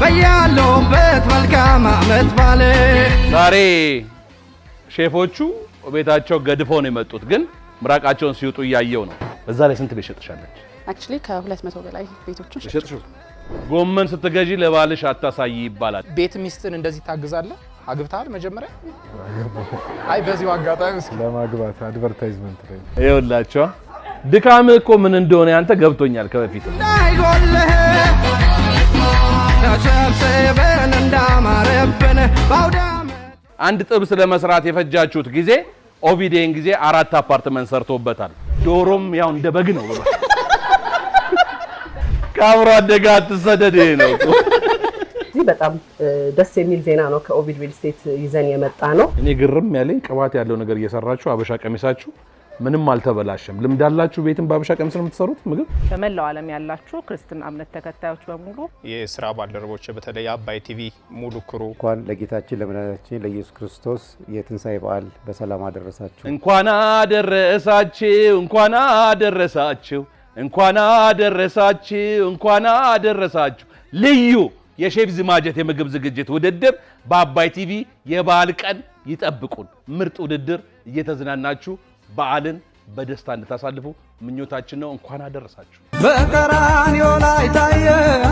በያለውበት መልካም አመት ባለ። ዛሬ ሼፎቹ ቤታቸው ገድፈው ነው የመጡት፣ ግን ምራቃቸውን ሲውጡ እያየው ነው። በዛ ላይ ስንት ቤት ሸጥሻለች? አክቹሊ ከሁለት መቶ በላይ ቤቶችን ሸጥኩ። ጎመን ስትገዢ ለባልሽ አታሳይ ይባላል። ቤት ሚስጥን እንደዚህ ታግዛለ። አግብታል መጀመሪያ? አይ በዚሁ አጋጣሚ እስኪ ለማግባት አድቨርታይዝመንት ላይ ይኸውላችኋ። ድካም እኮ ምን እንደሆነ ያንተ ገብቶኛል ከበፊት አንድ ጥብስ ለመስራት የፈጃችሁት ጊዜ ኦቪዴን ጊዜ አራት አፓርትመንት ሰርቶበታል። ዶሮም ያው እንደ በግ ነው። ከአብሮ አደጋ አትሰደድ። ነው እዚህ በጣም ደስ የሚል ዜና ነው። ከኦቪድ ሪል ስቴት ይዘን የመጣ ነው። እኔ ግርም ያለኝ ቅባት ያለው ነገር እየሰራችሁ አበሻ ቀሚሳችሁ ምንም አልተበላሸም። ልምድ አላችሁ። ቤትን በሀበሻ ቀሚስ ነው የምትሰሩት ምግብ። በመላው ዓለም ያላችሁ ክርስትና እምነት ተከታዮች በሙሉ የስራ ባልደረቦች፣ በተለይ አባይ ቲቪ ሙሉ ክሩ እንኳን ለጌታችን ለመድኃኒታችን ለኢየሱስ ክርስቶስ የትንሣኤ በዓል በሰላም አደረሳችሁ። እንኳን አደረሳችሁ፣ እንኳን አደረሳችሁ፣ እንኳን አደረሳችሁ፣ እንኳን አደረሳችሁ። ልዩ የሼፍ ዝማጀት የምግብ ዝግጅት ውድድር በአባይ ቲቪ የበዓል ቀን ይጠብቁን። ምርጥ ውድድር እየተዝናናችሁ በዓልን በደስታ እንድታሳልፉ ምኞታችን ነው። እንኳን አደረሳችሁ። በቀራንዮ ላይ ታየ